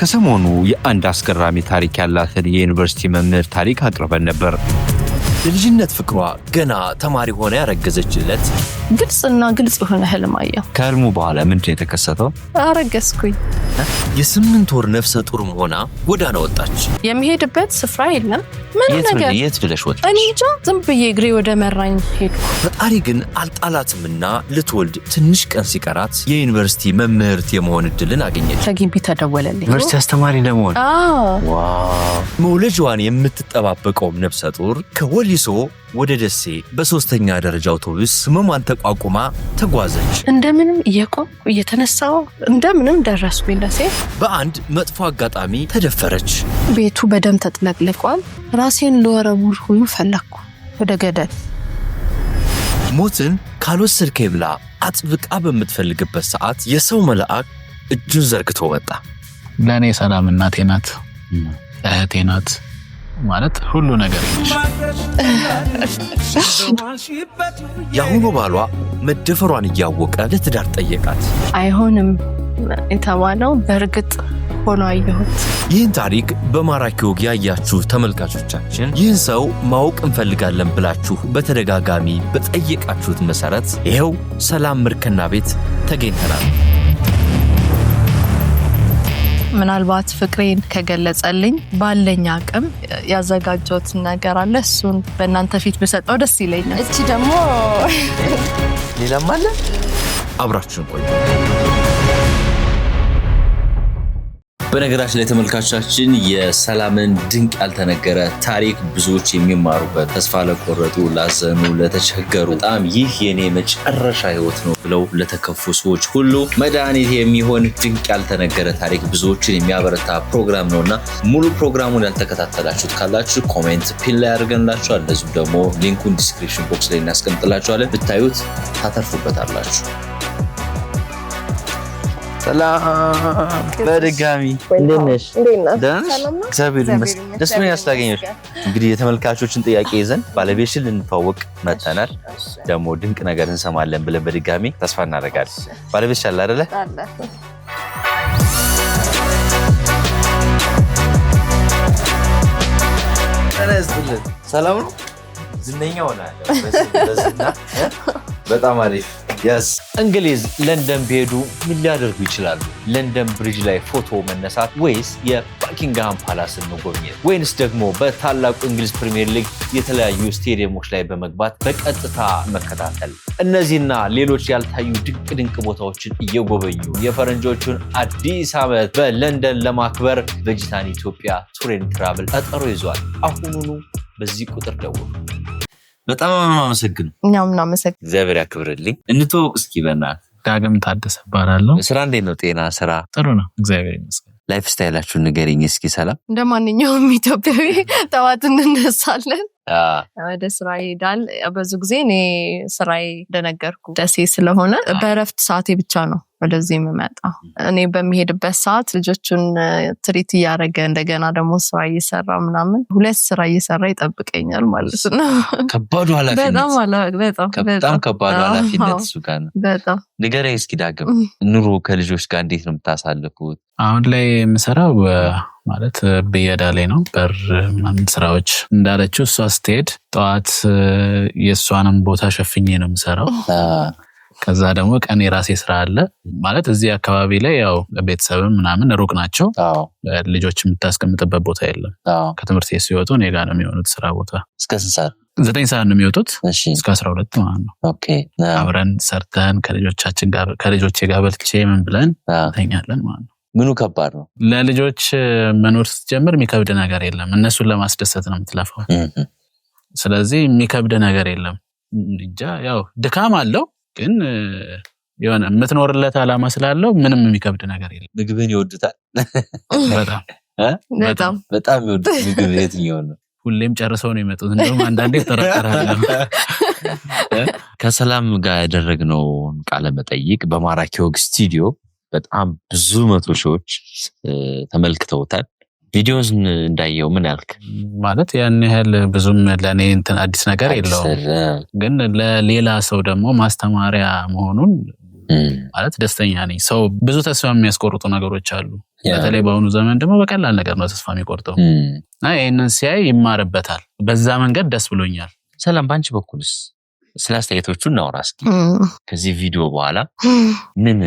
ከሰሞኑ የአንድ አስገራሚ ታሪክ ያላትን የዩኒቨርሲቲ መምህር ታሪክ አቅርበን ነበር። የልጅነት ፍቅሯ ገና ተማሪ ሆነ ያረገዘችለት ግልጽና ግልጽ የሆነ ህልም አየሁ። ከህልሙ በኋላ ምንድን የተከሰተው? አረገዝኩኝ። የስምንት ወር ነፍሰ ጡር ሆና ጎዳና ወጣች። የሚሄድበት ስፍራ የለም። ምን ነገር የት ብለሽ ወጣ? እኔ እንጃ፣ ዝም ብዬ እግሬ ወደ መራኝ ሄድኩ። ፈጣሪ ግን አልጣላትምና ልትወልድ ትንሽ ቀን ሲቀራት የዩኒቨርሲቲ መምህርት የመሆን እድልን አገኘች። ከግንቢ ተደወለልኝ ዩኒቨርሲቲ አስተማሪ ለመሆን መውለጃዋን የምትጠባበቀውም ነፍሰ ጡር ከወሊ ተመልሶ ወደ ደሴ በሶስተኛ ደረጃ አውቶቡስ ህመሟን ተቋቁማ ተጓዘች። እንደምንም እየቆም እየተነሳው እንደምንም ደረስኩኝ ደሴ። በአንድ መጥፎ አጋጣሚ ተደፈረች። ቤቱ በደም ተጥለቅልቋል። ራሴን ልወረውር ሁሉ ፈለግኩ ወደ ገደል። ሞትን ካልወሰድከ ብላ አጥብቃ በምትፈልግበት ሰዓት የሰው መልአክ እጁን ዘርግቶ ወጣ። ለእኔ ሰላም እናቴ ናት፣ እህቴ ናት ማለት ሁሉ ነገር የአሁኑ ባሏ መደፈሯን እያወቀ ለትዳር ጠየቃት። አይሆንም የተባለው በእርግጥ ሆኖ አየሁት። ይህን ታሪክ በማራኪ ወግ ያያችሁ ተመልካቾቻችን ይህን ሰው ማወቅ እንፈልጋለን ብላችሁ በተደጋጋሚ በጠየቃችሁት መሰረት ይኸው ሰላም ምርክና ቤት ተገኝተናል። ምናልባት ፍቅሬን ከገለጸልኝ ባለኝ አቅም ያዘጋጀሁት ነገር አለ። እሱን በእናንተ ፊት ብሰጠው ደስ ይለኛል። እቺ ደግሞ ሌላም አለ። አብራችሁን ቆዩ። በነገራችን ላይ ተመልካቻችን የሰላምን ድንቅ ያልተነገረ ታሪክ ብዙዎች የሚማሩበት ተስፋ ለቆረጡ፣ ላዘኑ፣ ለተቸገሩ በጣም ይህ የኔ መጨረሻ ህይወት ነው ብለው ለተከፉ ሰዎች ሁሉ መድኃኒት የሚሆን ድንቅ ያልተነገረ ታሪክ ብዙዎችን የሚያበረታ ፕሮግራም ነው እና ሙሉ ፕሮግራሙን ያልተከታተላችሁት ካላችሁ ኮሜንት ፒን ላይ አድርገንላችኋል። እንደዚሁም ደግሞ ሊንኩን ዲስክሪፕሽን ቦክስ ላይ እናስቀምጥላችኋለን። ብታዩት ታተርፉበታላችሁ። ሰላም በድጋሚ እንዴት ነሽ? እግዚአብሔር ይመስገን ደስ ብሎኛል ስላገኘሁሽ። እንግዲህ የተመልካቾችን ጥያቄ ይዘን ባለቤትሽን ልንተዋወቅ መጥተናል። ደግሞ ድንቅ ነገር እንሰማለን ብለን በድጋሚ ተስፋ እናደርጋለን። ባለቤትሽ አለ አይደለ? ሰላም ነው። ዝነኛ ሆናለሁ በጣም አሪፍ እንግሊዝ ለንደን ቢሄዱ ምን ሊያደርጉ ይችላሉ? ለንደን ብሪጅ ላይ ፎቶ መነሳት ወይስ የባኪንግሃም ፓላስን መጎብኘት ወይንስ ደግሞ በታላቁ እንግሊዝ ፕሪምየር ሊግ የተለያዩ ስቴዲየሞች ላይ በመግባት በቀጥታ መከታተል? እነዚህና ሌሎች ያልታዩ ድንቅ ድንቅ ቦታዎችን እየጎበኙ የፈረንጆቹን አዲስ ዓመት በለንደን ለማክበር ቬጂታን ኢትዮጵያ ቱሬን ትራቭል ቀጠሮ ይዟል። አሁኑኑ በዚህ ቁጥር ደውሉ። በጣም አመሰግን እኛም እናመሰግን። እግዚአብሔር ያክብርልኝ። እንተወቅ እስኪ በና ዳግም ታደሰ እባላለሁ። ስራ እንዴት ነው? ጤና ስራ ጥሩ ነው፣ እግዚአብሔር ይመስገን። ላይፍ ስታይላችሁን ንገሪኝ እስኪ። ሰላም እንደ ማንኛውም ኢትዮጵያዊ ጠዋት እንነሳለን ወደ ስራ ይሄዳል። ብዙ ጊዜ እኔ ስራዬ እንደነገርኩ ደሴ ስለሆነ በእረፍት ሰዓቴ ብቻ ነው ወደዚህ የምመጣው እኔ በሚሄድበት ሰዓት ልጆቹን ትሪት እያደረገ እንደገና ደግሞ ስራ እየሰራ ምናምን ሁለት ስራ እየሰራ ይጠብቀኛል ማለት ነው። ከባዱ ኃላፊነትበጣም ከባዱ ኃላፊነት እሱ ጋር ነው። በጣም እስኪ ዳግም ኑሮ ከልጆች ጋር እንዴት ነው የምታሳልፉት? አሁን ላይ የምሰራው ማለት ብየዳ ላይ ነው። በር ምናምን ስራዎች እንዳለችው እሷ ስትሄድ ጠዋት የእሷንም ቦታ ሸፍኜ ነው የምሰራው ከዛ ደግሞ ቀን የራሴ ስራ አለ ማለት እዚህ አካባቢ ላይ ያው ቤተሰብም ምናምን ሩቅ ናቸው። ልጆች የምታስቀምጥበት ቦታ የለም። ከትምህርት ቤት ሲወጡ እኔ ጋ ነው የሚሆኑት ስራ ቦታ። እስከ ዘጠኝ ሰዓት ነው የሚወጡት እስከ አስራ ሁለት ማለት ነው። አብረን ሰርተን ከልጆቻችን ጋር ከልጆቼ ጋር በልቼ ምን ብለን ተኛለን ማለት ነው። ምኑ ከባድ ነው ለልጆች መኖር ስትጀምር የሚከብድ ነገር የለም። እነሱን ለማስደሰት ነው የምትለፈው። ስለዚህ የሚከብድ ነገር የለም። እንጃ ያው ድካም አለው ግን የሆነ የምትኖርለት ዓላማ ስላለው ምንም የሚከብድ ነገር የለም። ምግብን ይወዱታል በጣም በጣም ይወዱት ምግብ የትኛው ነው? ሁሌም ጨርሰው ነው የመጡት። እንደውም አንዳንዴ ይጠራጠራል። ከሰላም ጋር ያደረግነውን ቃለ መጠይቅ በማራኪ ወግ ስቱዲዮ በጣም ብዙ መቶ ሺዎች ተመልክተውታል። ቪዲዮን እንዳየው ምን ያልክ ማለት ያን ያህል ብዙም ለእኔ እንትን አዲስ ነገር የለውም፣ ግን ለሌላ ሰው ደግሞ ማስተማሪያ መሆኑን ማለት ደስተኛ ነኝ። ሰው ብዙ ተስፋ የሚያስቆርጡ ነገሮች አሉ። በተለይ በአሁኑ ዘመን ደግሞ በቀላል ነገር ነው ተስፋ የሚቆርጠው እና ይህንን ሲያይ ይማርበታል። በዛ መንገድ ደስ ብሎኛል። ሰላም፣ በአንቺ በኩልስ ስለ አስተያየቶቹ እናውራ እስኪ። ከዚህ ቪዲዮ በኋላ ምን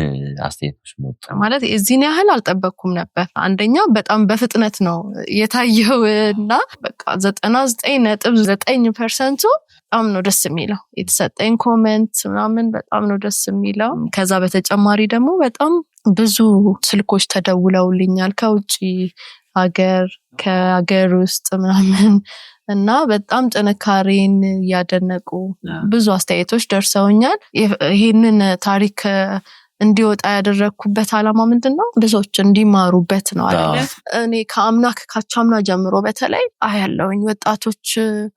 አስተያየቶች መጡ? ማለት እዚህን ያህል አልጠበቅኩም ነበር። አንደኛ በጣም በፍጥነት ነው የታየው እና በቃ ዘጠና ዘጠኝ ነጥብ ዘጠኝ ፐርሰንቱ በጣም ነው ደስ የሚለው። የተሰጠኝ ኮመንት ምናምን በጣም ነው ደስ የሚለው። ከዛ በተጨማሪ ደግሞ በጣም ብዙ ስልኮች ተደውለውልኛል ከውጭ ሀገር ከሀገር ውስጥ ምናምን እና በጣም ጥንካሬን እያደነቁ ብዙ አስተያየቶች ደርሰውኛል። ይህንን ታሪክ እንዲወጣ ያደረግኩበት አላማ ምንድን ነው? ብዙዎች እንዲማሩበት ነው አለ። እኔ ከአምና ካቻምና ጀምሮ በተለይ አያለውኝ ወጣቶች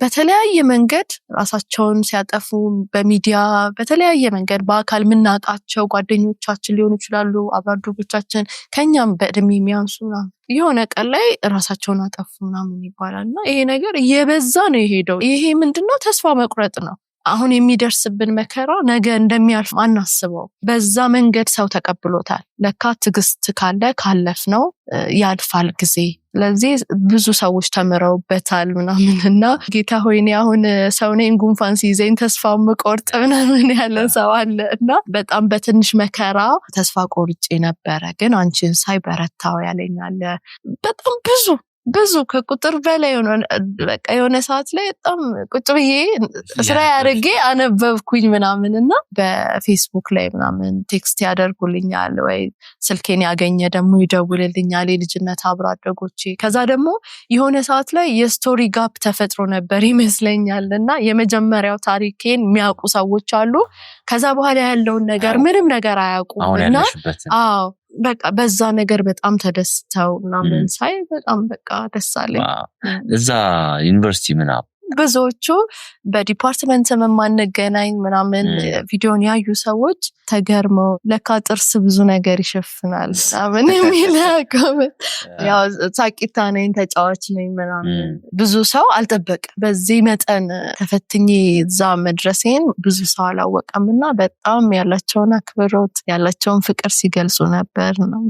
በተለያየ መንገድ ራሳቸውን ሲያጠፉ በሚዲያ በተለያየ መንገድ በአካል የምናጣቸው ጓደኞቻችን ሊሆኑ ይችላሉ፣ አብሮ አደጎቻችን ከኛም በእድሜ የሚያንሱ የሆነ ቀን ላይ ራሳቸውን አጠፉ ምናምን ይባላል እና ይሄ ነገር እየበዛ ነው የሄደው። ይሄ ምንድነው ተስፋ መቁረጥ ነው። አሁን የሚደርስብን መከራ ነገ እንደሚያልፍ አናስበው። በዛ መንገድ ሰው ተቀብሎታል። ለካ ትዕግስት ካለ ካለፍ ነው ያልፋል ጊዜ። ስለዚህ ብዙ ሰዎች ተምረውበታል ምናምን እና ጌታ ሆይ እኔ አሁን ሰው ነኝ ጉንፋን ሲይዘኝ ተስፋ ምቆርጥ ምናምን ያለ ሰው አለ እና በጣም በትንሽ መከራ ተስፋ ቆርጬ ነበረ፣ ግን አንቺን ሳይ በረታው ያለኛለ በጣም ብዙ ብዙ ከቁጥር በላይ በቃ የሆነ ሰዓት ላይ በጣም ቁጭ ብዬ ስራ ያደርጌ አነበብኩኝ ምናምን እና በፌስቡክ ላይ ምናምን ቴክስት ያደርጉልኛል ወይ ስልኬን ያገኘ ደግሞ ይደውልልኛል የልጅነት አብሮ አደጎቼ። ከዛ ደግሞ የሆነ ሰዓት ላይ የስቶሪ ጋፕ ተፈጥሮ ነበር ይመስለኛል እና የመጀመሪያው ታሪኬን የሚያውቁ ሰዎች አሉ። ከዛ በኋላ ያለውን ነገር ምንም ነገር አያውቁም እና አዎ በቃ በዛ ነገር በጣም ተደስተው ምናምን ሳይ በጣም በቃ ደስ አለኝ። እዛ ዩኒቨርሲቲ ምናምን ብዙዎቹ በዲፓርትመንት የማንገናኝ ምናምን ቪዲዮን ያዩ ሰዎች ተገርመው ለካ ጥርስ ብዙ ነገር ይሸፍናል ምን የሚል ያው ሳቂታ ነኝ ተጫዋች ነኝ ምናምን ብዙ ሰው አልጠበቅም። በዚህ መጠን ተፈትኝ እዛ መድረሴን ብዙ ሰው አላወቀም እና በጣም ያላቸውን አክብሮት ያላቸውን ፍቅር ሲገልጹ ነበር ነው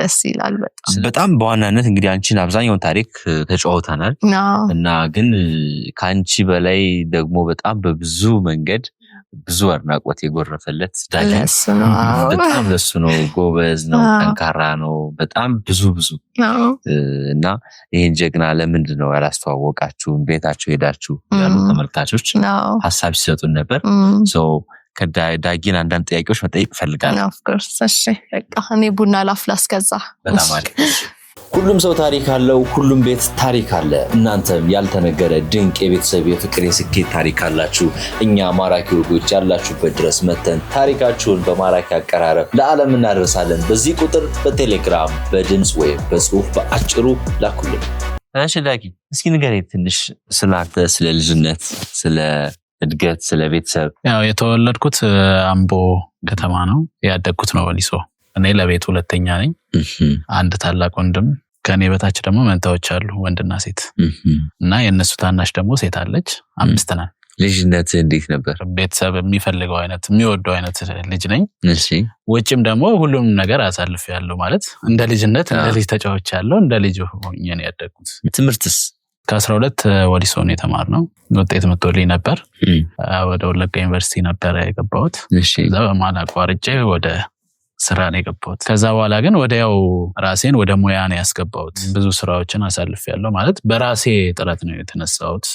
ደስ ይላል በጣም በጣም በዋናነት እንግዲህ አንቺን አብዛኛውን ታሪክ ተጫውተናል እና ግን ከአንቺ በላይ ደግሞ በጣም በብዙ መንገድ ብዙ አድናቆት የጎረፈለት በጣም ለሱ ነው። ጎበዝ ነው፣ ጠንካራ ነው። በጣም ብዙ ብዙ እና ይህን ጀግና ለምንድን ነው ያላስተዋወቃችሁን? ቤታቸው ሄዳችሁ ያሉ ተመልካቾች ሀሳብ ሲሰጡን ነበር። ከዳጊን አንዳንድ ጥያቄዎች መጠየቅ እፈልጋለሁ። እኔ ቡና ላፍላስ ከዛ ሁሉም ሰው ታሪክ አለው። ሁሉም ቤት ታሪክ አለ። እናንተም ያልተነገረ ድንቅ የቤተሰብ የፍቅር፣ የስኬት ታሪክ አላችሁ። እኛ ማራኪ ወጎች ያላችሁበት ድረስ መተን ታሪካችሁን በማራኪ አቀራረብ ለዓለም እናደርሳለን። በዚህ ቁጥር በቴሌግራም በድምፅ ወይም በጽሁፍ በአጭሩ ላኩልን። እሺ ዳጊ፣ እስኪ ንገረኝ ትንሽ ስላንተ፣ ስለ ልጅነት፣ ስለ እድገት፣ ስለ ቤተሰብ። ያው የተወለድኩት አምቦ ከተማ ነው። ያደግኩት ነው በሊሶ። እኔ ለቤት ሁለተኛ ነኝ። አንድ ታላቅ ወንድም ከእኔ በታች ደግሞ መንታዎች አሉ ወንድና ሴት እና የእነሱ ታናሽ ደግሞ ሴት አለች። አምስት ናል ልጅነት እንዴት ነበር? ቤተሰብ የሚፈልገው አይነት የሚወደው አይነት ልጅ ነኝ። ውጭም ደግሞ ሁሉም ነገር አሳልፍ ያለው ማለት እንደ ልጅነት እንደ ልጅ ተጫዎች ያለው እንደ ልጅ ሆኘን ያደጉት ትምህርትስ ከአስራ ሁለት ወሊሶን የተማር ነው። ውጤት ምትወልኝ ነበር። ወደ ወለጋ ዩኒቨርሲቲ ነበረ የገባሁት። እዛ በመሃል አቋርጬ ወደ ስራ ነው የገባሁት። ከዛ በኋላ ግን ወዲያው ራሴን ወደ ሙያ ነው ያስገባሁት። ብዙ ስራዎችን አሳልፍ ያለው ማለት በራሴ ጥረት ነው የተነሳሁት፣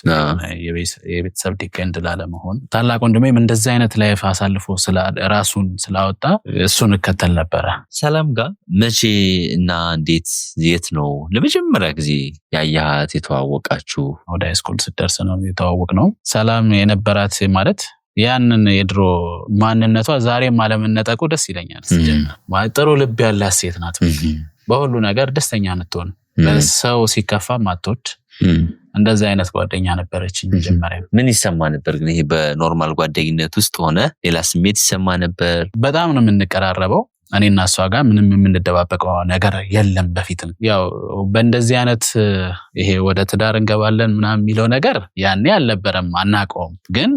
የቤተሰብ ዲፔንድ ላለመሆን። ታላቅ ወንድሜም እንደዚ አይነት ላይፍ አሳልፎ ራሱን ስላወጣ እሱን እከተል ነበረ። ሰላም ጋር መቼ እና እንዴት የት ነው ለመጀመሪያ ጊዜ ያያት የተዋወቃችሁ? ወደ ሃይስኩል ስደርስ ነው የተዋወቅ ነው። ሰላም የነበራት ማለት ያንን የድሮ ማንነቷ ዛሬም አለመነጠቁ ደስ ይለኛል። ጥሩ ልብ ያላት ሴት ናት። በሁሉ ነገር ደስተኛ ንትሆን ሰው ሲከፋ ማቶች እንደዚህ አይነት ጓደኛ ነበረች መጀመሪያ ምን ይሰማ ነበር ግን? ይሄ በኖርማል ጓደኝነት ውስጥ ሆነ ሌላ ስሜት ይሰማ ነበር? በጣም ነው የምንቀራረበው። እኔና እሷ ጋር ምንም የምንደባበቀው ነገር የለም። በፊት ያው በእንደዚህ አይነት ይሄ ወደ ትዳር እንገባለን ምናምን የሚለው ነገር ያኔ አልነበረም፣ አናቀውም ግን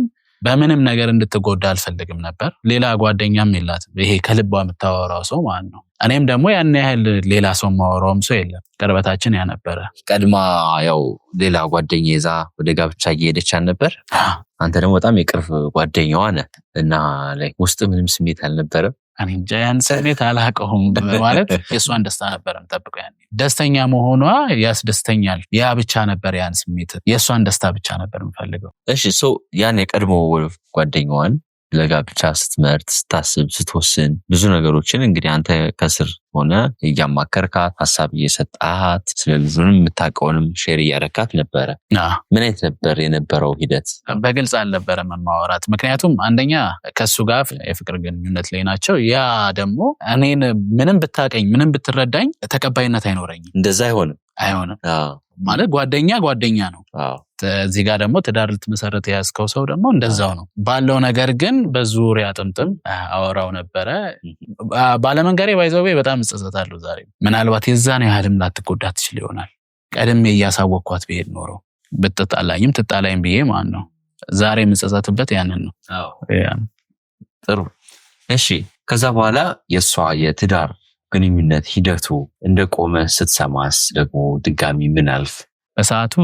በምንም ነገር እንድትጎዳ አልፈልግም ነበር። ሌላ ጓደኛም የላትም፣ ይሄ ከልቧ የምታወራው ሰው ማለት ነው። እኔም ደግሞ ያን ያህል ሌላ ሰው ማወራውም ሰው የለም። ቅርበታችን ያ ነበረ። ቀድማ ያው ሌላ ጓደኛ ይዛ ወደ ጋብቻ እየሄደች አልነበር። አንተ ደግሞ በጣም የቅርብ ጓደኛዋ ነህ እና ውስጥ ምንም ስሜት አልነበረም አንጃ ያን ስሜት አላቀሁም ማለት የእሷን ደስታ ነበር የምጠብቀው። ያ ደስተኛ መሆኗ ያስደስተኛል። ያ ብቻ ነበር ያን ስሜት የእሷን ደስታ ብቻ ነበር የምፈልገው። እሺ ያን የቀድሞ ጓደኛዋን ለጋብቻ ስትመርጥ፣ ስታስብ፣ ስትወስን ብዙ ነገሮችን እንግዲህ አንተ ከስር ሆነ እያማከርካት ሀሳብ እየሰጣት ስለ ልጁንም የምታውቀውንም ሼር እያረካት ነበረ። ምን አይነት ነበር የነበረው ሂደት? በግልጽ አልነበረ መማወራት። ምክንያቱም አንደኛ ከሱ ጋር የፍቅር ግንኙነት ላይ ናቸው። ያ ደግሞ እኔን ምንም ብታቀኝ ምንም ብትረዳኝ ተቀባይነት አይኖረኝም። እንደዛ አይሆንም አይሆንም ማለት ጓደኛ ጓደኛ ነው። እዚህ ጋር ደግሞ ትዳር ልትመሰረት የያዝከው ሰው ደግሞ እንደዛው ነው ባለው ነገር ግን በዙሪያ ጥምጥም አወራው ነበረ። ባለመንገሬ ባይዘቤ በጣም እጸጸታለሁ ዛሬ። ምናልባት የዛን ያህልም ላትጎዳ ትችል ይሆናል። ቀድሜ እያሳወቅኳት ብሄድ ኖረው ብትጣላኝም ትጣላኝ ብዬ ማን ነው ዛሬ የምጸጸትበት ያንን ነው። ጥሩ እሺ። ከዛ በኋላ የእሷ የትዳር ግንኙነት ሂደቱ እንደቆመ ስትሰማስ ደግሞ ድጋሚ ምናልፍ አልፍ በሰዓቱ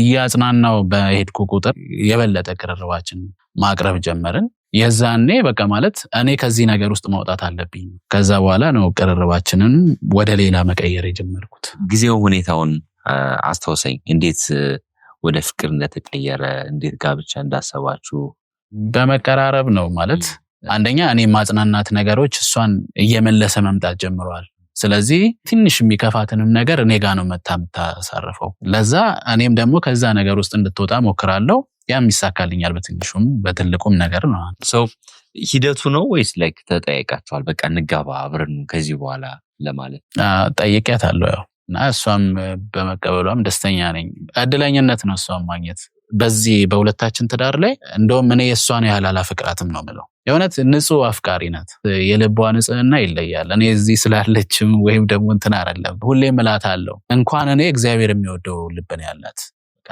እያጽናናው በሄድኩ ቁጥር የበለጠ ቅርርባችን ማቅረብ ጀመርን። የዛኔ በቃ ማለት እኔ ከዚህ ነገር ውስጥ ማውጣት አለብኝ። ከዛ በኋላ ነው ቅርርባችንን ወደ ሌላ መቀየር የጀመርኩት። ጊዜው ሁኔታውን አስታውሰኝ፣ እንዴት ወደ ፍቅር እንደተቀየረ፣ እንዴት ጋብቻ እንዳሰባችሁ። በመቀራረብ ነው ማለት አንደኛ እኔ ማጽናናት ነገሮች እሷን እየመለሰ መምጣት ጀምረዋል። ስለዚህ ትንሽ የሚከፋትንም ነገር እኔ ጋ ነው መታ የምታሳርፈው። ለዛ እኔም ደግሞ ከዛ ነገር ውስጥ እንድትወጣ ሞክራለሁ። ያም ይሳካልኛል በትንሹም በትልቁም ነገር ነው። ሰው ሂደቱ ነው ወይስ ላይክ ተጠያይቃችኋል? በቃ እንጋባ አብረን ከዚህ በኋላ ለማለት አለው ያው እና እሷም በመቀበሏም ደስተኛ ነኝ። እድለኝነት ነው እሷም ማግኘት በዚህ በሁለታችን ትዳር ላይ። እንደውም እኔ የእሷን ያህል አላፈቅራትም ነው ምለው የእውነት ንጹህ አፍቃሪ ናት። የልቧ ንጽህና ይለያል። እኔ እዚህ ስላለችም ወይም ደግሞ እንትን አይደለም። ሁሌም ምላት አለው እንኳን እኔ እግዚአብሔር የሚወደው ልብን ያላት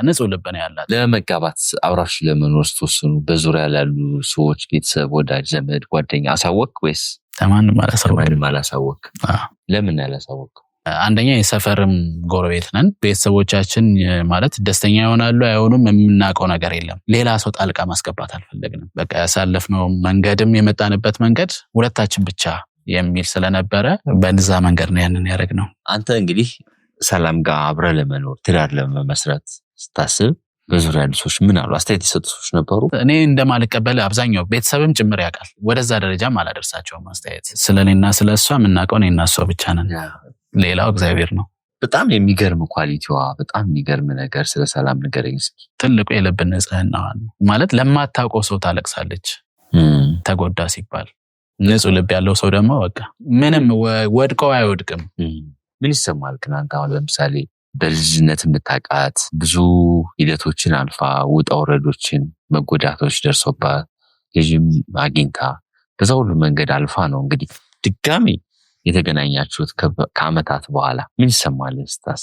ንጹህ ልብ ያላት። ለመጋባት አብራችሁ ለመኖር ስትወስኑ በዙሪያ ላሉ ሰዎች ቤተሰብ፣ ወዳጅ፣ ዘመድ፣ ጓደኛ አሳወቅ ወይስ? ማንም አላሳወቅ። ለምን አላሳወቅ? አንደኛ የሰፈርም ጎረቤት ነን። ቤተሰቦቻችን ማለት ደስተኛ ይሆናሉ አይሆኑም የምናውቀው ነገር የለም። ሌላ ሰው ጣልቃ ማስገባት አልፈለግንም። በቃ ያሳለፍነው መንገድም የመጣንበት መንገድ ሁለታችን ብቻ የሚል ስለነበረ በንዛ መንገድ ነው ያንን ያደረግነው። አንተ እንግዲህ ሰላም ጋር አብረ ለመኖር ትዳር ለመመስረት ስታስብ በዙሪያ ያሉ ሰዎች ምን አሉ? አስተያየት የሰጡ ሰዎች ነበሩ? እኔ እንደማልቀበል አብዛኛው ቤተሰብም ጭምር ያውቃል። ወደዛ ደረጃም አላደርሳቸውም። አስተያየት ስለ እኔና ስለ እሷ የምናውቀው እና እሷ ብቻ ነን። ሌላው እግዚአብሔር ነው። በጣም የሚገርም ኳሊቲዋ፣ በጣም የሚገርም ነገር። ስለ ሰላም ንገረኝ እስኪ። ትልቁ የልብ ንጽህናዋ ነው ማለት ለማታውቀው ሰው ታለቅሳለች ተጎዳ ሲባል። ንጹህ ልብ ያለው ሰው ደግሞ በቃ ምንም ወድቀው አይወድቅም። ምን ይሰማል ግን አንተ አሁን ለምሳሌ በልጅነት የምታውቃት ብዙ ሂደቶችን አልፋ ውጣ ውረዶችን፣ መጎዳቶች ደርሶባት ልጅም አግኝታ በዛ ሁሉ መንገድ አልፋ ነው እንግዲህ ድጋሚ የተገናኛችሁት ከአመታት በኋላ ምን ይሰማል ስታስ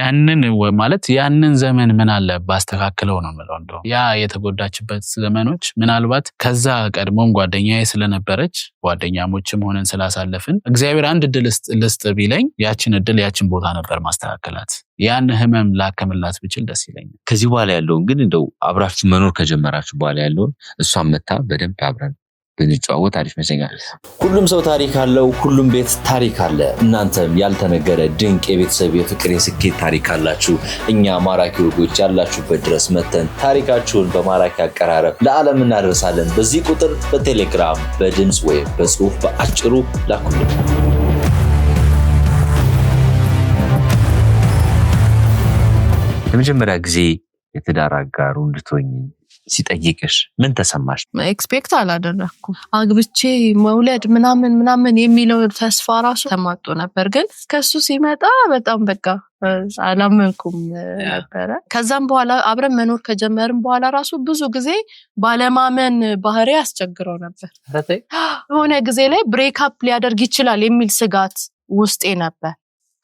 ያንን ማለት ያንን ዘመን ምን አለ ባስተካክለው ነው የምለው። እንደ ያ የተጎዳችበት ዘመኖች ምናልባት ከዛ ቀድሞም ጓደኛ ስለነበረች ጓደኛሞችም ሆነን ስላሳለፍን እግዚአብሔር አንድ እድል ልስጥ ቢለኝ ያችን እድል ያችን ቦታ ነበር ማስተካከላት። ያን ህመም ላከምላት ብችል ደስ ይለኛል። ከዚህ በኋላ ያለውን ግን እንደው አብራችሁ መኖር ከጀመራችሁ በኋላ ያለውን እሷን መታ በደንብ አብረን ብንጫወት አሪፍ ይመስለኛል። ሁሉም ሰው ታሪክ አለው። ሁሉም ቤት ታሪክ አለ። እናንተም ያልተነገረ ድንቅ የቤተሰብ የፍቅር፣ የስኬት ታሪክ አላችሁ። እኛ ማራኪ ወጎች ያላችሁበት ድረስ መተን ታሪካችሁን በማራኪ አቀራረብ ለዓለም እናደርሳለን። በዚህ ቁጥር በቴሌግራም በድምፅ ወይም በጽሁፍ በአጭሩ ላኩልን። ለመጀመሪያ ጊዜ የትዳር አጋሩ እንድትሆኝ ሲጠይቅሽ ምን ተሰማሽ? ኤክስፔክት አላደረግኩም። አግብቼ መውለድ ምናምን ምናምን የሚለው ተስፋ ራሱ ተማጦ ነበር። ግን ከሱ ሲመጣ በጣም በቃ አላመንኩም ነበረ። ከዛም በኋላ አብረን መኖር ከጀመርን በኋላ ራሱ ብዙ ጊዜ ባለማመን ባህሪ አስቸግረው ነበር። የሆነ ጊዜ ላይ ብሬክአፕ ሊያደርግ ይችላል የሚል ስጋት ውስጤ ነበር።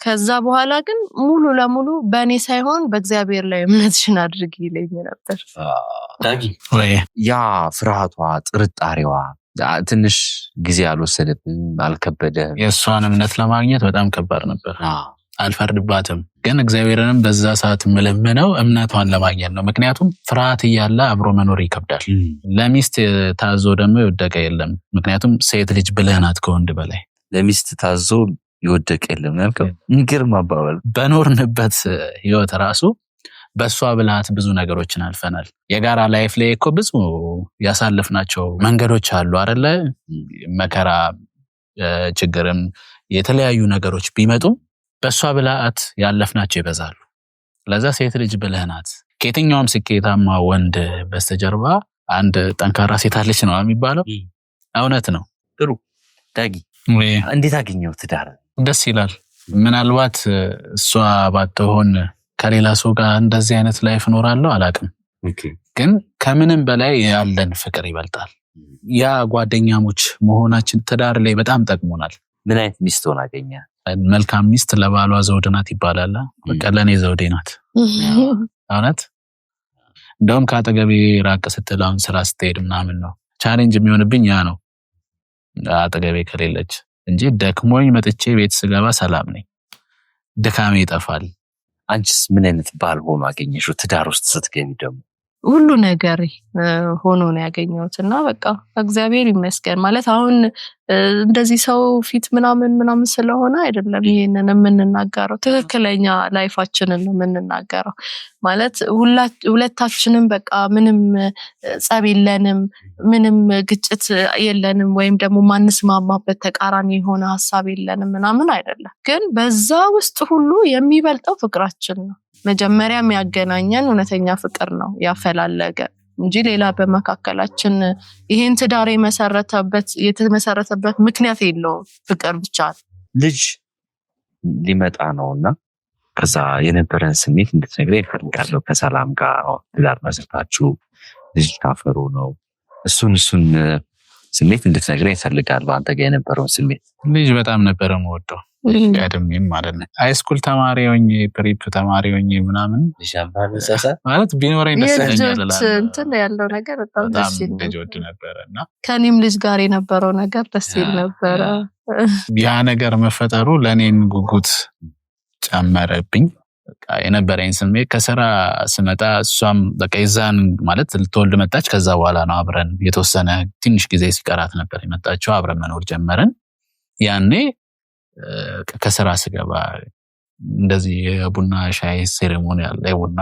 ከዛ በኋላ ግን ሙሉ ለሙሉ በእኔ ሳይሆን በእግዚአብሔር ላይ እምነትሽን አድርጊ ይለኝ ነበር። ያ ፍርሃቷ፣ ጥርጣሬዋ ትንሽ ጊዜ አልወሰደብም፣ አልከበደም። የእሷን እምነት ለማግኘት በጣም ከባድ ነበር። አልፈርድባትም። ግን እግዚአብሔርንም በዛ ሰዓት የምለምነው እምነቷን ለማግኘት ነው። ምክንያቱም ፍርሃት እያለ አብሮ መኖር ይከብዳል። ለሚስት ታዞ ደግሞ የወደቀ የለም። ምክንያቱም ሴት ልጅ ብልህ ናት ከወንድ በላይ ለሚስት ታዞ የወደቀ የለም ያልከው የሚገርም አባባል። በኖርንበት ህይወት ራሱ በእሷ ብልሃት ብዙ ነገሮችን አልፈናል። የጋራ ላይፍ ላይ እኮ ብዙ ያሳለፍናቸው መንገዶች አሉ አደለ? መከራ፣ ችግርም የተለያዩ ነገሮች ቢመጡም በእሷ ብልሃት ያለፍናቸው ይበዛሉ። ለዛ ሴት ልጅ ብልህናት ከየትኛውም ስኬታማ ወንድ በስተጀርባ አንድ ጠንካራ ሴት አለች ነው የሚባለው። እውነት ነው። ጥሩ ዳጊ፣ እንዴት አገኘው ትዳር? ደስ ይላል። ምናልባት እሷ ባትሆን ከሌላ ሰው ጋር እንደዚህ አይነት ላይፍ እኖራለሁ አላውቅም። ግን ከምንም በላይ ያለን ፍቅር ይበልጣል። ያ ጓደኛሞች መሆናችን ትዳር ላይ በጣም ጠቅሞናል። ምን አይነት ሚስት ሆና አገኘ? መልካም ሚስት ለባሏ ዘውድ ናት ይባላል። በቃ ለእኔ ዘውዴ ናት እውነት። እንደውም ከአጠገቤ ራቅ ስትል አሁን ስራ ስትሄድ ምናምን ነው ቻሌንጅ የሚሆንብኝ ያ ነው አጠገቤ ከሌለች እንጂ ደክሞኝ መጥቼ ቤት ስገባ ሰላም ነኝ። ድካሜ ይጠፋል። አንቺስ ምን አይነት ባል ሆኖ አገኘሽው? ትዳር ውስጥ ስትገቢ ደግሞ ሁሉ ነገር ሆኖ ነው ያገኘሁት እና በቃ እግዚአብሔር ይመስገን ማለት አሁን እንደዚህ ሰው ፊት ምናምን ምናምን ስለሆነ አይደለም ይሄንን የምንናገረው፣ ትክክለኛ ላይፋችንን ነው የምንናገረው። ማለት ሁለታችንም በቃ ምንም ጸብ የለንም፣ ምንም ግጭት የለንም፣ ወይም ደግሞ ማንስማማበት ተቃራኒ የሆነ ሀሳብ የለንም ምናምን አይደለም። ግን በዛ ውስጥ ሁሉ የሚበልጠው ፍቅራችን ነው። መጀመሪያ የሚያገናኘን እውነተኛ ፍቅር ነው ያፈላለገ እንጂ ሌላ በመካከላችን ይህን ትዳር የመሰረተበት የተመሰረተበት ምክንያት የለውም። ፍቅር ብቻ ልጅ ሊመጣ ነው እና ከዛ የነበረን ስሜት እንድትነግረ ይፈልጋለሁ ከሰላም ጋር ትዳር መስርታችሁ ልጅ ታፈሩ ነው እሱን እሱን ስሜት እንድትነግረኝ ይፈልጋል። አንተ ጋር የነበረውን ስሜት ልጅ በጣም ነበረ መወደው ቀድሜም ማለት ነው ሃይስኩል ተማሪ ሆኜ ፕሪፕ ተማሪ ሆኜ ምናምን ማለት ቢኖረኝ ደስ ያለው ነገር በጣም ልጅ ወድ ነበረ እና ከኔም ልጅ ጋር የነበረው ነገር ደስ ይል ነበረ። ያ ነገር መፈጠሩ ለእኔን ጉጉት ጨመረብኝ። የነበረኝ ስሜት ከስራ ስመጣ እሷም በቃ የዛን ማለት ልትወልድ መጣች። ከዛ በኋላ ነው አብረን የተወሰነ ትንሽ ጊዜ ሲቀራት ነበር የመጣችው። አብረን መኖር ጀመርን። ያኔ ከስራ ስገባ እንደዚህ የቡና ሻይ ሴሬሞኒ አለ፣ የቡና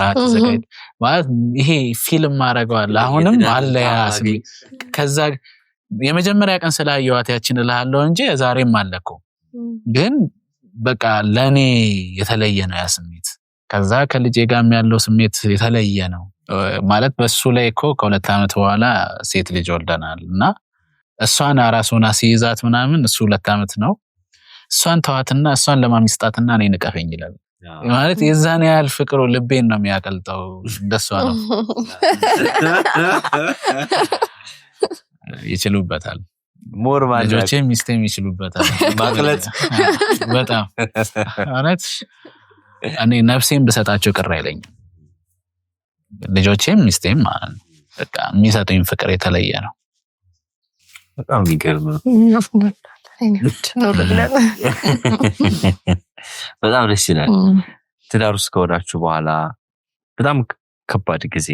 ራት ዘጋጅ ማለት ይሄ ፊልም ማድረገዋል። አሁንም አለ ከዛ የመጀመሪያ ቀን ስላየኋት ያችን እልሃለሁ እንጂ ዛሬም አለኩ ግን በቃ ለእኔ የተለየ ነው ያ ስሜት። ከዛ ከልጄ ጋም ያለው ስሜት የተለየ ነው ማለት በሱ ላይ እኮ ከሁለት ዓመት በኋላ ሴት ልጅ ወልደናል እና እሷን አራስ ሆና ሲይዛት ምናምን እሱ ሁለት ዓመት ነው እሷን ተዋትና እሷን ለማሚስጣትና እኔ ንቀፈኝ ይላል። ማለት የዛን ያህል ፍቅሩ ልቤን ነው የሚያቀልጠው። እንደሷ ነው ይችሉበታል። ሞር ልጆቼ ሚስቴም ይችሉበታል ማቅለጥ በጣም እውነት እኔ ነፍሴን ብሰጣቸው ቅር አይለኝም። ልጆቼም ሚስቴም ማለት በቃ የሚሰጡኝ ፍቅር የተለየ ነው። በጣም የሚገርም ነው። በጣም ደስ ይላል። ትዳር ውስጥ ከሆናችሁ በኋላ በጣም ከባድ ጊዜ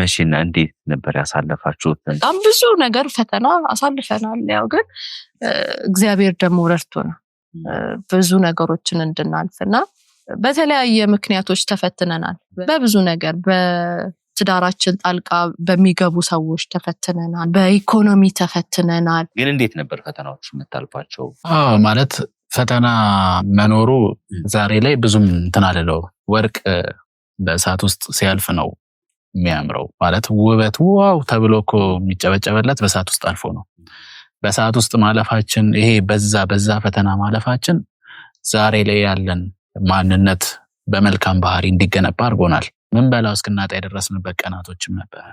መቼና እንዴት ነበር ያሳለፋችሁት? በጣም ብዙ ነገር ፈተና አሳልፈናል። ያው ግን እግዚአብሔር ደግሞ ነው ብዙ ነገሮችን እንድናልፍና በተለያየ ምክንያቶች ተፈትነናል። በብዙ ነገር በትዳራችን ጣልቃ በሚገቡ ሰዎች ተፈትነናል። በኢኮኖሚ ተፈትነናል። ግን እንዴት ነበር ፈተናዎች የምታልፏቸው? ማለት ፈተና መኖሩ ዛሬ ላይ ብዙም እንትን አልለው ወርቅ በእሳት ውስጥ ሲያልፍ ነው የሚያምረው ማለት ውበት ዋው ተብሎ እኮ የሚጨበጨበለት በሰዓት ውስጥ አልፎ ነው። በሰዓት ውስጥ ማለፋችን ይሄ በዛ በዛ ፈተና ማለፋችን ዛሬ ላይ ያለን ማንነት በመልካም ባህሪ እንዲገነባ አድርጎናል። ምን በላው እስክናጣ የደረስንበት ቀናቶችም ነበር።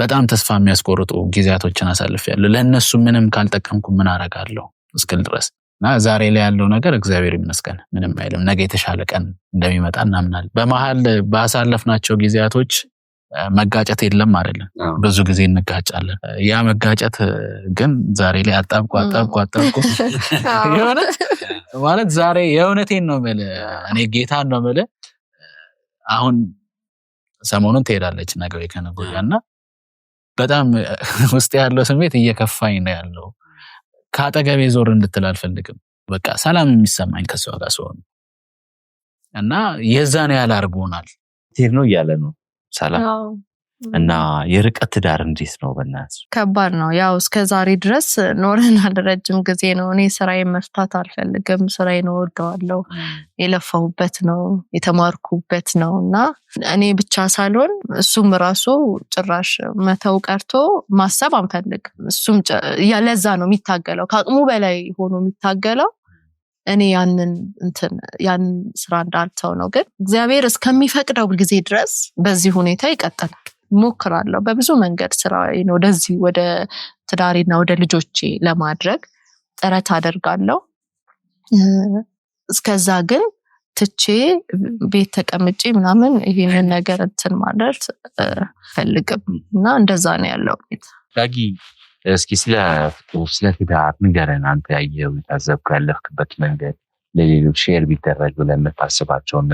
በጣም ተስፋ የሚያስቆርጡ ጊዜያቶችን አሳልፌያለሁ። ለእነሱ ምንም ካልጠቀምኩ ምን አረጋለሁ እስክል ድረስ እና ዛሬ ላይ ያለው ነገር እግዚአብሔር ይመስገን ምንም አይልም። ነገ የተሻለ ቀን እንደሚመጣ እናምናለን። በመሀል ባሳለፍናቸው ጊዜያቶች መጋጨት የለም አይደለም። ብዙ ጊዜ እንጋጫለን። ያ መጋጨት ግን ዛሬ ላይ አጣብቆ አጣብቆ አጣብቆ ማለት ዛሬ የእውነቴን ነው ምል እኔ ጌታን ነው ምል አሁን ሰሞኑን ትሄዳለች ነገ ከነገ ወዲያ እና በጣም ውስጥ ያለው ስሜት እየከፋኝ ነው ያለው። ከአጠገቤ ዞር እንድትል አልፈልግም። በቃ ሰላም የሚሰማኝ ከሷ ጋር ሲሆን እና የዛን ያህል አድርጎናል ነው እያለ ነው ሰላም እና የርቀት ትዳር እንዴት ነው? በእናት ከባድ ነው። ያው እስከ ዛሬ ድረስ ኖረናል፣ ረጅም ጊዜ ነው። እኔ ስራዬን መፍታት አልፈልግም። ስራዬን እወደዋለሁ። የለፋሁበት ነው፣ የተማርኩበት ነው እና እኔ ብቻ ሳልሆን እሱም ራሱ ጭራሽ መተው ቀርቶ ማሰብ አንፈልግም። እሱም ለዛ ነው የሚታገለው፣ ከአቅሙ በላይ ሆኖ የሚታገለው እኔ ያንን እንትን ያንን ስራ እንዳልተው ነው። ግን እግዚአብሔር እስከሚፈቅደው ጊዜ ድረስ በዚህ ሁኔታ ይቀጥላል። ሞክራለሁ በብዙ መንገድ ስራ ወደዚህ ወደ ትዳሬና ወደ ልጆቼ ለማድረግ ጥረት አደርጋለሁ። እስከዛ ግን ትቼ ቤት ተቀምጬ ምናምን ይህንን ነገር እንትን ማለት ፈልግም እና እንደዛ ነው ያለው ዳጊ እስኪ ስለ ፍቅር ስለ ትዳር ንገረን። አንተ ያየው የታዘብከው ያለፍክበት መንገድ ለሌሎች ሼር ቢደረግ ብለን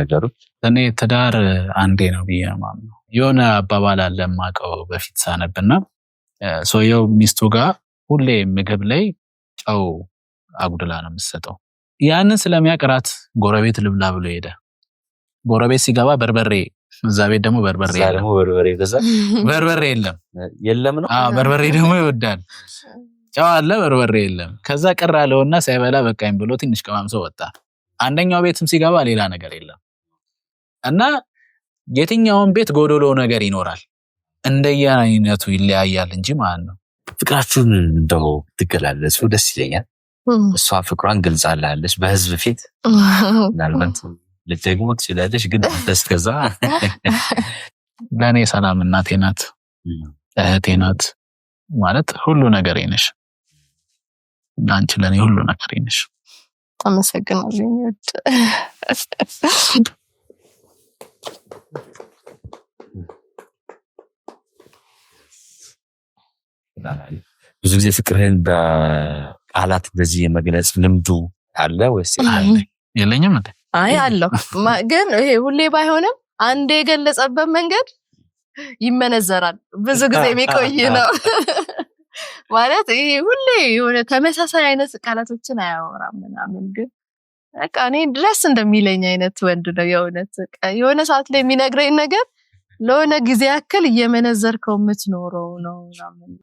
ነገሮች። እኔ ትዳር አንዴ ነው ብዬ ነው የማምነው። የሆነ አባባል አለ የማውቀው በፊት ሳነብና ሰውየው ሚስቱ ጋር ሁሌ ምግብ ላይ ጨው አጉድላ ነው የምትሰጠው። ያንን ስለሚያቅራት ጎረቤት ልብላ ብሎ ሄደ። ጎረቤት ሲገባ በርበሬ እዛ ቤት ደግሞ በርበሬ ደግሞ በርበሬ በርበሬ የለም የለም ነው። በርበሬ ደግሞ ይወዳል። ጨው አለ፣ በርበሬ የለም። ከዛ ቅር አለውና ሳይበላ በቃኝ ብሎ ትንሽ ቀማምሶ ወጣ። አንደኛው ቤትም ሲገባ ሌላ ነገር የለም እና የትኛውን ቤት ጎዶሎ ነገር ይኖራል፣ እንደየ አይነቱ ይለያያል እንጂ ማለት ነው። ፍቅራችሁን እንደው ትገላለጹ ደስ ይለኛል። እሷ ፍቅሯን ገልጻላለች በህዝብ ፊት ምናልባት ልትደግሞ ትችላለች፣ ግን ተስከዛ ለእኔ ሰላም እናቴ ናት፣ እህቴ ናት። ማለት ሁሉ ነገር ነሽ አንቺ፣ ለእኔ ሁሉ ነገር ነሽ። አመሰግናለሁ። ብዙ ጊዜ ፍቅርህን በቃላት በዚህ የመግለጽ ልምዱ አለ ወይስ የለኝም? እንዴ አይ አለው። ግን ይሄ ሁሌ ባይሆንም አንዴ የገለጸበት መንገድ ይመነዘራል። ብዙ ጊዜ የሚቆይ ነው ማለት ይሄ ሁሌ የሆነ ተመሳሳይ አይነት ቃላቶችን አያወራም ምናምን ግን በቃ እኔ ድረስ እንደሚለኝ አይነት ወንድ ነው የእውነት። የሆነ ሰዓት ላይ የሚነግረኝ ነገር ለሆነ ጊዜ ያክል እየመነዘርከው የምትኖረው ነው።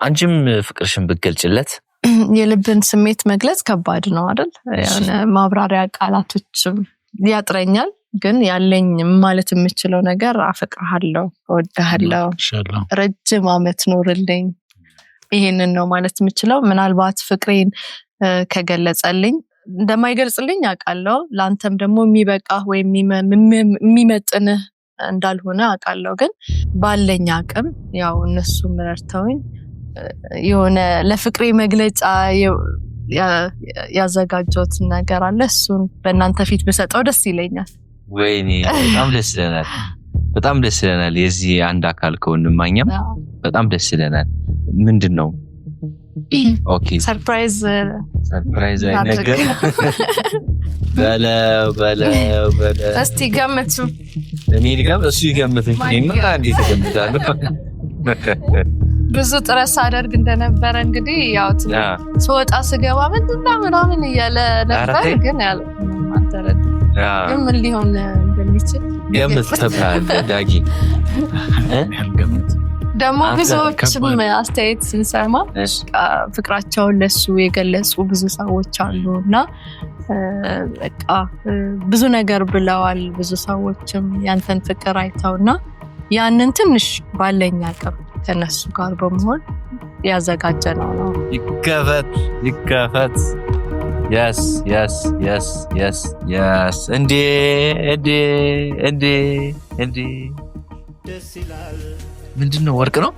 አንቺም ፍቅርሽን ብትገልጭለት የልብን ስሜት መግለጽ ከባድ ነው አይደል? ማብራሪያ ቃላቶችም ያጥረኛል ግን ያለኝ ማለት የምችለው ነገር አፈቅርሃለሁ፣ እወድሃለሁ፣ ረጅም አመት ኖርልኝ፣ ይሄንን ነው ማለት የምችለው። ምናልባት ፍቅሬን ከገለጸልኝ እንደማይገልጽልኝ አውቃለሁ። ለአንተም ደግሞ የሚበቃህ ወይም የሚመጥንህ እንዳልሆነ አውቃለሁ። ግን ባለኝ አቅም ያው እነሱ ረድተውኝ የሆነ ለፍቅሬ መግለጫ ያዘጋጀሁት ነገር አለ። እሱን በእናንተ ፊት ብሰጠው ደስ ይለኛል። ወይኔ በጣም ደስ ይለናል። በጣም ደስ ይለናል። የዚህ አንድ አካል ከሆንም እኛም በጣም ደስ ይለናል። ምንድን ነው ሰርፕራይዝ ሰርፕራይዝ ነገር በለው በለው በለው። እስቲ ገምቱ። እኔ ልገምት፣ እሱ ይገምት። እኔማ እንዴት እገምታለሁ? ብዙ ጥረት ሳደርግ እንደነበረ እንግዲህ ያው ስወጣ ስገባ ምንድና ምናምን እያለ ነበር፣ ግን ያለ ምን ሊሆን እንደሚችል ደግሞ ብዙዎችም አስተያየት ስንሰማ ፍቅራቸውን ለሱ የገለጹ ብዙ ሰዎች አሉ እና በቃ ብዙ ነገር ብለዋል። ብዙ ሰዎችም ያንተን ፍቅር አይተው እና ያንን ትንሽ ባለኝ አቅም ከነሱ ጋር በመሆን ያዘጋጀ ነው ነው። ይከፈት ይከፈት። የስ የስ የስ የስ የስ። እንዴ እንዴ እንዴ እንዴ! ምንድን ነው ወርቅ ነው?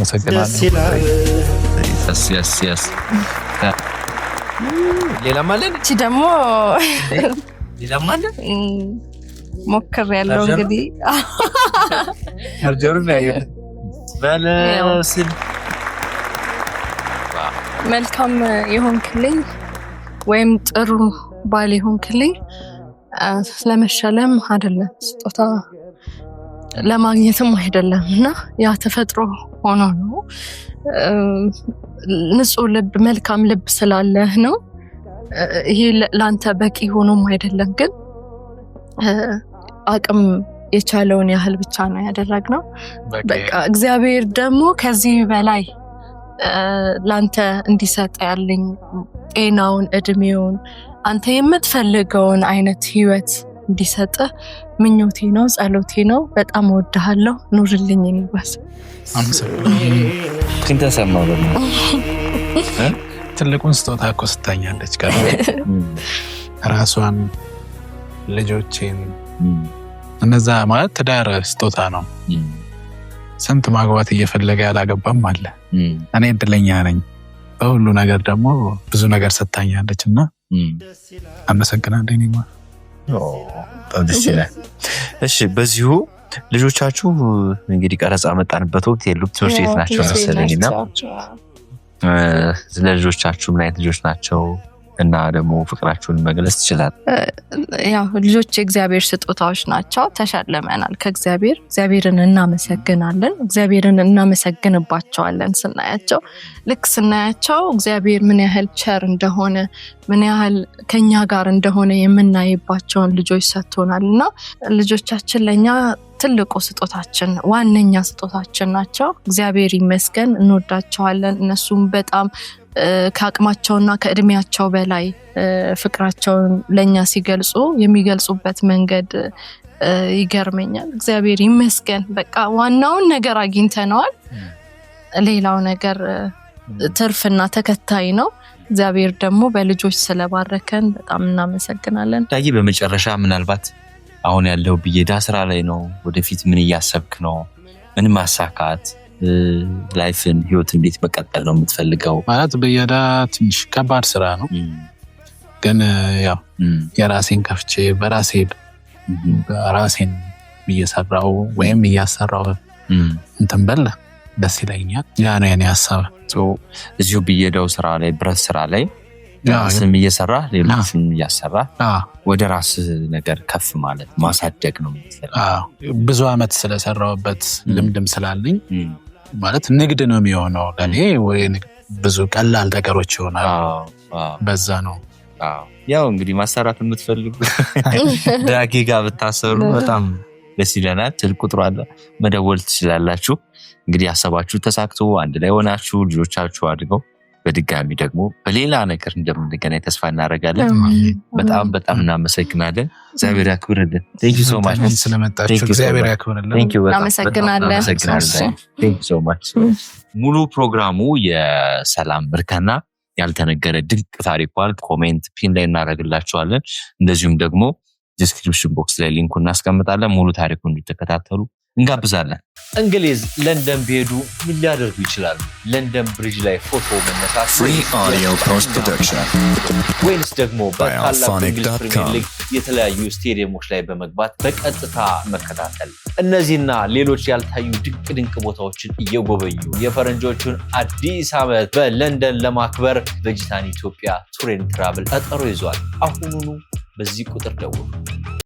አመሰግናለሁ። ሌላም አለን። እቺ ደግሞ ሌላም አለን። ሞክር ያለው እንግዲህ ቻርጀሩ ላይ በለስል መልካም የሆንክልኝ ወይም ጥሩ ባል የሆንክልኝ ስለመሸለም አይደለም ስጦታ ለማግኘትም አይደለም እና ያ ተፈጥሮ ሆኖ ነው። ንጹህ ልብ መልካም ልብ ስላለህ ነው። ይሄ ለአንተ በቂ ሆኖም አይደለም፣ ግን አቅም የቻለውን ያህል ብቻ ነው ያደረግነው። በቃ እግዚአብሔር ደግሞ ከዚህ በላይ ለአንተ እንዲሰጥ ያለኝ ጤናውን፣ እድሜውን፣ አንተ የምትፈልገውን አይነት ህይወት እንዲሰጥህ ምኞቴ ነው፣ ጸሎቴ ነው። በጣም ወድሃለሁ። ኑርልኝ ይባስ ተሰማ ትልቁን ስጦታ እኮ ስታኛለች ጋር ራሷን ልጆቼን እነዛ ማለት ትዳር ስጦታ ነው። ስንት ማግባት እየፈለገ ያላገባም አለ። እኔ እድለኛ ነኝ። በሁሉ ነገር ደግሞ ብዙ ነገር ሰታኛለች እና ማ በጣም ደስ ይላል። እሺ በዚሁ ልጆቻችሁ እንግዲህ ቀረጻ መጣንበት ወቅት የሉም ትምህርት ቤት ናቸው መሰለኝ እና ስለ ልጆቻችሁ ምን አይነት ልጆች ናቸው? እና ደግሞ ፍቅራችሁን መግለጽ ይችላል። ያው ልጆች የእግዚአብሔር ስጦታዎች ናቸው። ተሸልመናል ከእግዚአብሔር። እግዚአብሔርን እናመሰግናለን። እግዚአብሔርን እናመሰግንባቸዋለን። ስናያቸው ልክ ስናያቸው እግዚአብሔር ምን ያህል ቸር እንደሆነ ምን ያህል ከኛ ጋር እንደሆነ የምናይባቸውን ልጆች ሰጥቶናል እና ልጆቻችን ለእኛ ትልቁ ስጦታችን ዋነኛ ስጦታችን ናቸው። እግዚአብሔር ይመስገን፣ እንወዳቸዋለን። እነሱም በጣም ከአቅማቸውና ከእድሜያቸው በላይ ፍቅራቸውን ለእኛ ሲገልጹ የሚገልጹበት መንገድ ይገርመኛል። እግዚአብሔር ይመስገን፣ በቃ ዋናውን ነገር አግኝተነዋል። ሌላው ነገር ትርፍና ተከታይ ነው። እግዚአብሔር ደግሞ በልጆች ስለባረከን በጣም እናመሰግናለን። ዳጊ፣ በመጨረሻ ምናልባት አሁን ያለው ብዬዳ ስራ ላይ ነው። ወደፊት ምን እያሰብክ ነው? ምን ማሳካት ላይፍን ህይወት እንዴት መቀጠል ነው የምትፈልገው? ማለት በየዳ ትንሽ ከባድ ስራ ነው፣ ግን ያው የራሴን ከፍቼ በራሴ ራሴን እየሰራው ወይም እያሰራው እንትን በለ ደስ ይለኛል። ያ ነው የኔ ሀሳብ። እዚሁ ብየዳው ስራ ላይ ብረት ስራ ላይ ራስም እየሰራ ሌሎችም እያሰራ ወደ ራስ ነገር ከፍ ማለት ማሳደግ ነው። ብዙ አመት ስለሰራውበት ልምድም ስላለኝ ማለት ንግድ ነው የሚሆነው ለእኔ ብዙ ቀላል ነገሮች ይሆናል። በዛ ነው ያው እንግዲህ ማሰራት የምትፈልጉ ዳጊ ጋር ብታሰሩ በጣም ደስ ይለናል። ስልክ ቁጥሩ አለ፣ መደወል ትችላላችሁ። እንግዲህ አሰባችሁ ተሳክቶ አንድ ላይ ሆናችሁ ልጆቻችሁ አድገው በድጋሚ ደግሞ በሌላ ነገር እንደምንገናኝ ተስፋ እናደርጋለን። በጣም በጣም እናመሰግናለን። እግዚአብሔር ያክብርልን። ሙሉ ፕሮግራሙ የሰላም እርከና ያልተነገረ ድንቅ ታሪኳል ኮሜንት ፒን ላይ እናደርግላችኋለን። እንደዚሁም ደግሞ ዲስክሪፕሽን ቦክስ ላይ ሊንኩ እናስቀምጣለን። ሙሉ ታሪኩ እንዲተከታተሉ እንጋብዛለን። እንግሊዝ ለንደን ቢሄዱ ምን ሊያደርጉ ይችላሉ? ለንደን ብሪጅ ላይ ፎቶ መነሳት ወይንስ ደግሞ በታላቁ እንግሊዝ ፕሪሚየር ሊግ የተለያዩ ስቴዲየሞች ላይ በመግባት በቀጥታ መከታተል። እነዚህና ሌሎች ያልታዩ ድንቅ ድንቅ ቦታዎችን እየጎበኙ የፈረንጆቹን አዲስ ዓመት በለንደን ለማክበር በጂታን ኢትዮጵያ ቱሬን ትራብል ቀጠሮ ይዟል። አሁኑኑ በዚህ ቁጥር ደውሉ።